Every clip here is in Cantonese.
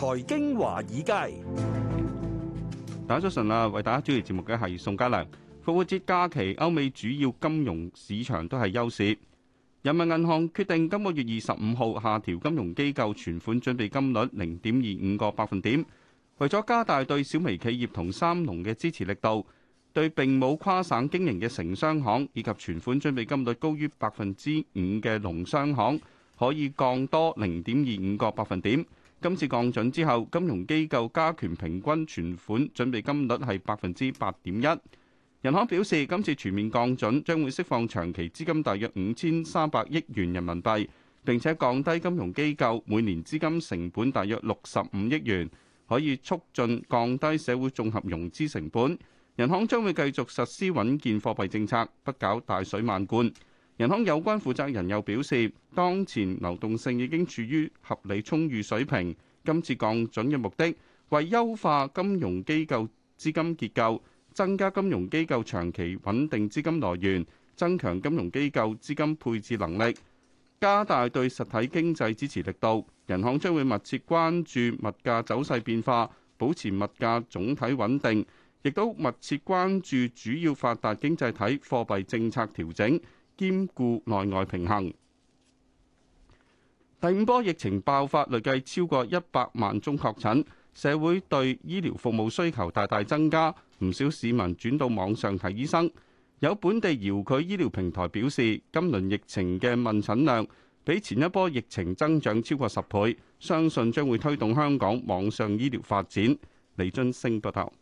財經華爾街，大家早晨啊！為大家主持節目嘅係宋嘉良。復活節假期，歐美主要金融市場都係休市。人民銀行決定今個月二十五號下調金融機構存款準備金率零點二五個百分點，為咗加大對小微企業同三農嘅支持力度，對并冇跨省經營嘅城商行以及存款準備金率高於百分之五嘅農商行，可以降多零點二五個百分點。今次降準之後，金融機構加權平均存款準備金率係百分之八點一。人行表示，今次全面降準將會釋放長期資金大約五千三百億元人民幣，並且降低金融機構每年資金成本大約六十五億元，可以促進降低社會綜合融資成本。人行將會繼續實施穩健貨幣政策，不搞大水漫灌。人行有關負責人又表示，當前流動性已經處於合理充裕水平。今次降準嘅目的為優化金融機構資金結構，增加金融機構長期穩定資金來源，增強金融機構資金配置能力，加大對實體經濟支持力度。人行將會密切關注物價走勢變化，保持物價總體穩定，亦都密切關注主要發達經濟體貨幣政策調整。兼顧內外平衡。第五波疫情爆發，累計超過一百萬宗確診，社會對醫療服務需求大大增加，唔少市民轉到網上睇醫生。有本地遙距醫療平台表示，今輪疫情嘅問診量比前一波疫情增長超過十倍，相信將會推動香港網上醫療發展。李津升報道。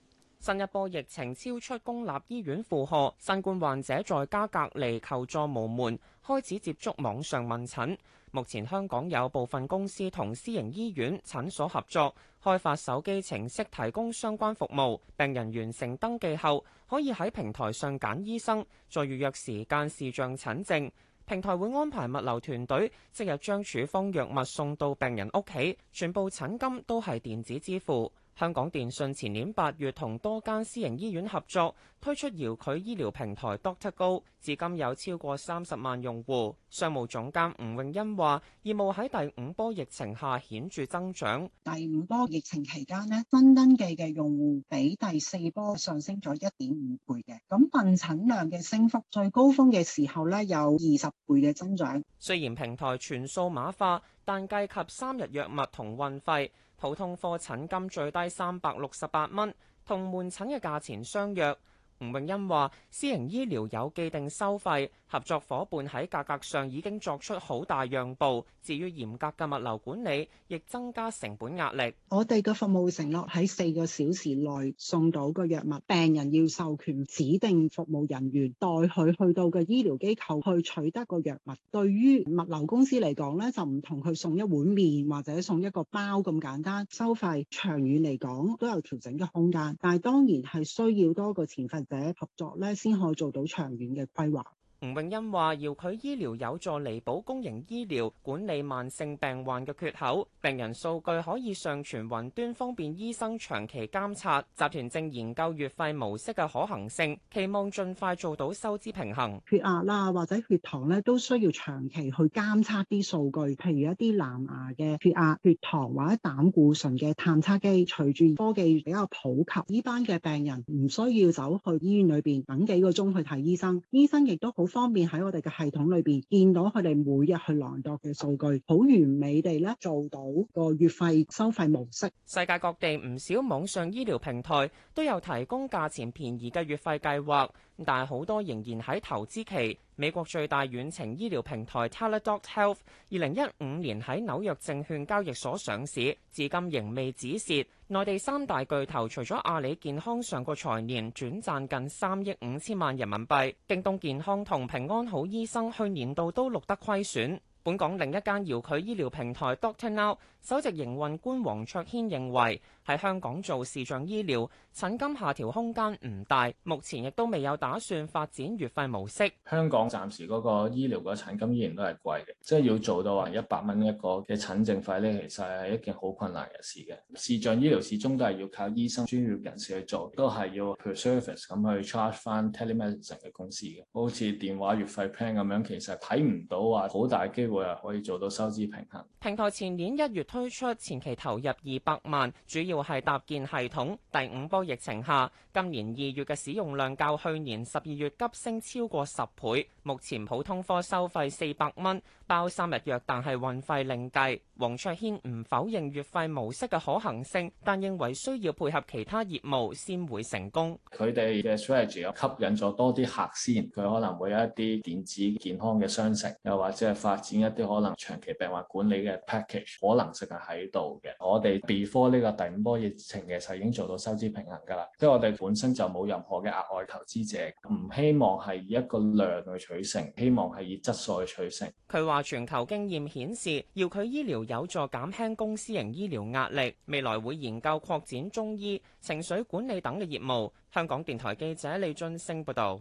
新一波疫情超出公立醫院負荷，新冠患者在家隔離求助無門，開始接觸網上問診。目前香港有部分公司同私營醫院診所合作，開發手機程式提供相關服務，病人完成登記後可以喺平台上揀醫生，再預約時間視像診症。平台會安排物流團隊即日將處方藥物送到病人屋企，全部診金都係電子支付。香港電訊前年八月同多間私營醫院合作推出遙距醫療平台 DoctorGo，至今有超過三十萬用戶。商務總監吳泳欣話：業務喺第五波疫情下顯著增長。第五波疫情期間咧，新登，登記嘅用戶比第四波上升咗一點五倍嘅。咁問診量嘅升幅，最高峰嘅時候呢，有二十倍嘅增長。雖然平台全數碼化，但計及三日藥物同運費。普通科診金最低三百六十八蚊，同門診嘅價錢相若。吳詠欣話，私營醫療有既定收費，合作伙伴喺價格上已經作出好大讓步。至於嚴格嘅物流管理，亦增加成本壓力。我哋嘅服務承諾喺四個小時內送到個藥物，病人要授權指定服務人員代佢去到個醫療機構去取得個藥物。對於物流公司嚟講咧，就唔同佢送一碗麵或者送一個包咁簡單，收費長遠嚟講都有調整嘅空間。但係當然係需要多個前分。第一合作咧，先可以做到長遠嘅規劃。吳詠欣話，遙距醫療有助彌補公營醫療管理慢性病患嘅缺口，病人數據可以上傳雲端，方便醫生長期監察。集團正研究月費模式嘅可行性，期望盡快做到收支平衡。血壓啦，或者血糖呢，都需要長期去監測啲數據，譬如一啲藍牙嘅血壓、血糖或者膽固醇嘅探測機。隨住科技比較普及，呢班嘅病人唔需要走去醫院裏邊等幾個鐘去睇醫生，醫生亦都好。方便喺我哋嘅系統裏邊見到佢哋每日去量度嘅數據，好完美地咧做到個月費收費模式。世界各地唔少網上醫療平台都有提供價錢便宜嘅月費計劃，但係好多仍然喺投資期。美國最大遠程醫療平台 Teladoc Health，二零一五年喺紐約證券交易所上市，至今仍未止蝕。內地三大巨頭，除咗阿里健康上個財年轉賺近三億五千萬人民幣，京東健康同平安好醫生去年度都錄得虧損。本港另一間遙距醫療平台 DoctorNow 首席營運官黃卓軒認為，喺香港做視像醫療，診金下調空間唔大，目前亦都未有打算發展月費模式。香港暫時嗰個醫療嘅診金依然都係貴嘅，即係要做到話一百蚊一個嘅診症費咧，其實係一件好困難嘅事嘅。視像醫療始終都係要靠醫生專業人士去做，都係要佢 per service 咁去 charge 翻 telemedicine 嘅公司嘅，好似電話月費 plan 咁樣，其實睇唔到話好大機會，可以做到收支平衡。平台前年一月推出，前期投入二百萬，主要係搭建系統。第五波疫情下，今年二月嘅使用量較去年十二月急升超過十倍。目前普通科收費四百蚊，包三日藥，但係運費另計。黃卓軒唔否認月費模式嘅可行性，但認為需要配合其他業務先會成功。佢哋嘅 strategy 吸引咗多啲客先，佢可能會有一啲電子健康嘅商城，又或者係發展一啲可能長期病患管理嘅 package 可能成日喺度嘅，我哋 before 呢個第五波疫情其實已經做到收支平衡噶啦，即係我哋本身就冇任何嘅額外投資者，唔希望係以一個量去取勝，希望係以質素去取勝。佢話：全球經驗顯示，遙距醫療有助減輕公私營醫療壓力，未來會研究擴展中醫、情緒管理等嘅業務。香港電台記者李俊升報道。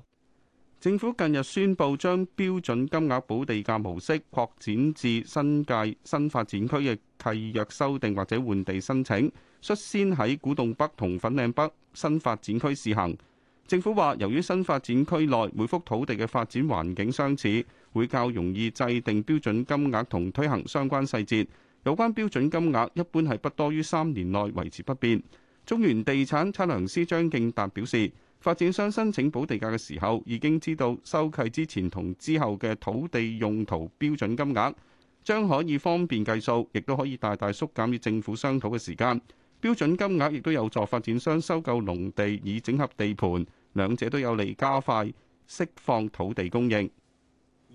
政府近日宣布，將標準金額補地價模式擴展至新界新發展區嘅契約修訂或者換地申請，率先喺古洞北同粉嶺北新發展區試行。政府話由於新發展區內每幅土地嘅發展環境相似，會較容易制定標準金額同推行相關細節，有關標準金額一般係不多於三年內維持不變，中原地產測量師張敬達表示。發展商申請補地價嘅時候，已經知道收契之前同之後嘅土地用途標準金額，將可以方便計數，亦都可以大大縮減與政府商討嘅時間。標準金額亦都有助發展商收購農地以整合地盤，兩者都有利加快釋放土地供應。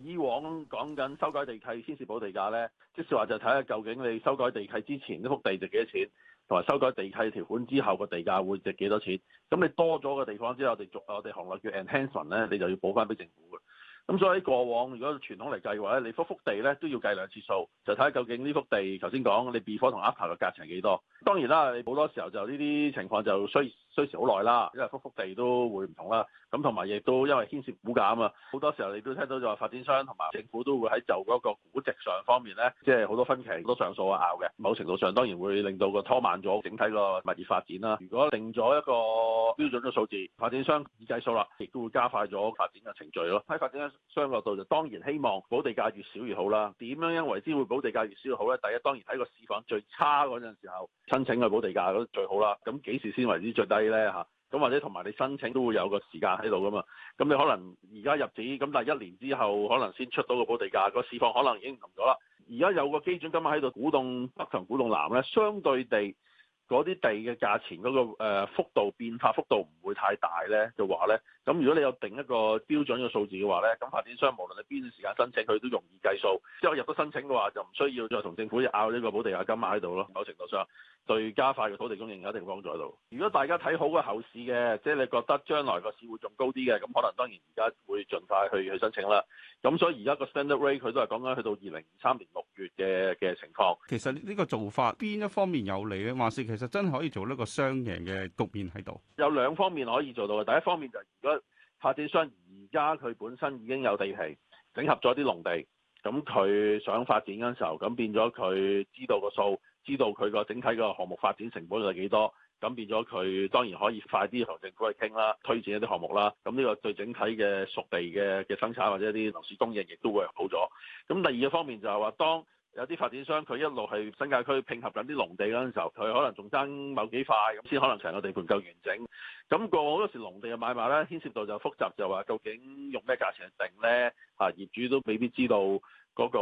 以往講緊修改地契先至補地價咧，即是話就睇下究竟你修改地契之前呢幅地值幾多錢，同埋修改地契條款之後個地價會值幾多錢。咁你多咗個地方之後，我哋俗我哋行內叫 enhancement 咧，你就要補翻俾政府嘅。咁所以喺過往如果傳統嚟計話咧，你幅幅地咧都要計兩次數，就睇下究竟呢幅地頭先講你 before 同 after 嘅價錢係幾多。當然啦，好多時候就呢啲情況就需需時好耐啦，因為幅幅地都會唔同啦。咁同埋亦都因為牽涉估價啊嘛，好多時候你都聽到就話發展商同埋政府都會喺就嗰個估值上方面咧，即係好多分歧、好多上訴啊拗嘅。某程度上當然會令到個拖慢咗整體個物業發展啦。如果定咗一個標準嘅數字，發展商已計數啦，亦都會加快咗發展嘅程序咯。喺發展商角度就當然希望保地價越少越好啦。點樣因為先會保地價越少越好咧？第一當然喺個市況最差嗰陣時候。申請個補地價都最好啦，咁幾時先為之最低呢？嚇、啊？咁或者同埋你申請都會有個時間喺度噶嘛，咁你可能而家入紙，咁但係一年之後可能先出到個補地價，個市況可能已經唔同咗啦。而家有個基準，今日喺度鼓動北強鼓動南呢，相對地。嗰啲地嘅價錢嗰個、呃、幅度變化幅度唔會太大咧嘅話咧，咁如果你有定一個標準嘅數字嘅話咧，咁發展商無論你邊段時間申請佢都容易計數，即係入咗申請嘅話就唔需要再同政府拗呢個補地價金額喺度咯。某程度上對加快嘅土地供應有一定幫助喺度。如果大家睇好個後市嘅，即係你覺得將來個市會仲高啲嘅，咁可能當然而家會盡快去去申請啦。咁所以而家個 standard rate 佢都係講緊去到二零二三年六月嘅嘅情況。其實呢個做法邊一方面有利嘅，還其實真係可以做一個雙贏嘅局面喺度。有兩方面可以做到嘅。第一方面就係如果發展商而家佢本身已經有地皮，整合咗啲農地，咁佢想發展嗰陣時候，咁變咗佢知道個數，知道佢個整體個項目發展成本係幾多，咁變咗佢當然可以快啲同政府去傾啦，推薦一啲項目啦。咁呢個對整體嘅熟地嘅嘅生產或者一啲樓市供應亦都會好咗。咁第二個方面就係話當。有啲發展商佢一路係新界區拼合緊啲農地嗰陣時候，佢可能仲爭某幾塊，咁先可能成個地盤夠完整。咁過好多時農地嘅買賣咧，牽涉到就複雜，就話究竟用咩價錢去定呢？嚇、啊、業主都未必知道嗰個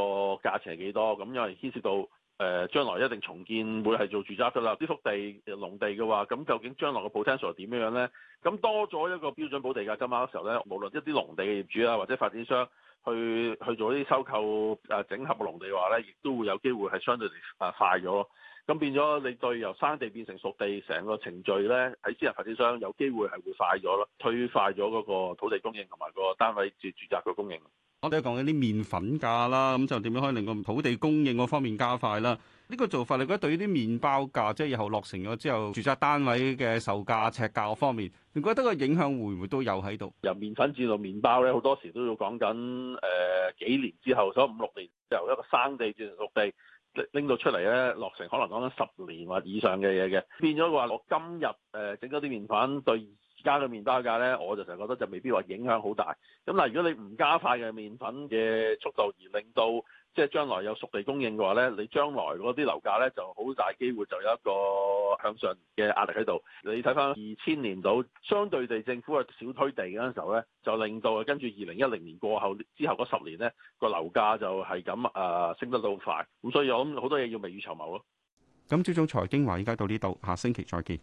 價錢係幾多。咁因為牽涉到誒、呃、將來一定重建會係做住宅㗎啦。啲幅地農地嘅話，咁究竟將來嘅 potential 點樣樣咧？咁多咗一個標準補地價，今晚嘅時候呢，無論一啲農地嘅業主啊，或者發展商，去去做啲收購啊，整合嘅農地話咧，亦都會有機會係相對嚟啊快咗咯。咁變咗你對由生地變成熟地成個程序咧，喺私人發展商有機會係會快咗咯，推快咗嗰個土地供應同埋個單位住住宅嘅供應。我哋又講緊啲麵粉價啦，咁就點樣可以令個土地供應嗰方面加快啦？呢個做法你覺得對於啲麵包價，即係以後落成咗之後，住宅單位嘅售價、尺價嗰方面，你覺得個影響會唔會都有喺度？由麵粉至到麵包咧，好多時都要講緊誒幾年之後，所以五六年之後，由一個生地轉成熟地拎到出嚟咧，落成可能講緊十年或以上嘅嘢嘅，變咗話我今日誒整咗啲麵粉對。而家嘅麵包價呢，我就成日覺得就未必話影響好大咁。嗱，如果你唔加快嘅麵粉嘅速度，而令到即係將來有熟地供應嘅話呢，你將來嗰啲樓價呢就好大機會就有一個向上嘅壓力喺度。你睇翻二千年度，相對地政府啊少推地嗰陣時候呢，就令到跟住二零一零年過後之後嗰十年呢個樓價就係咁誒升得到快咁，所以我諗好多嘢要未雨綢繆咯。咁朝早財經話而家到呢度，下星期再見。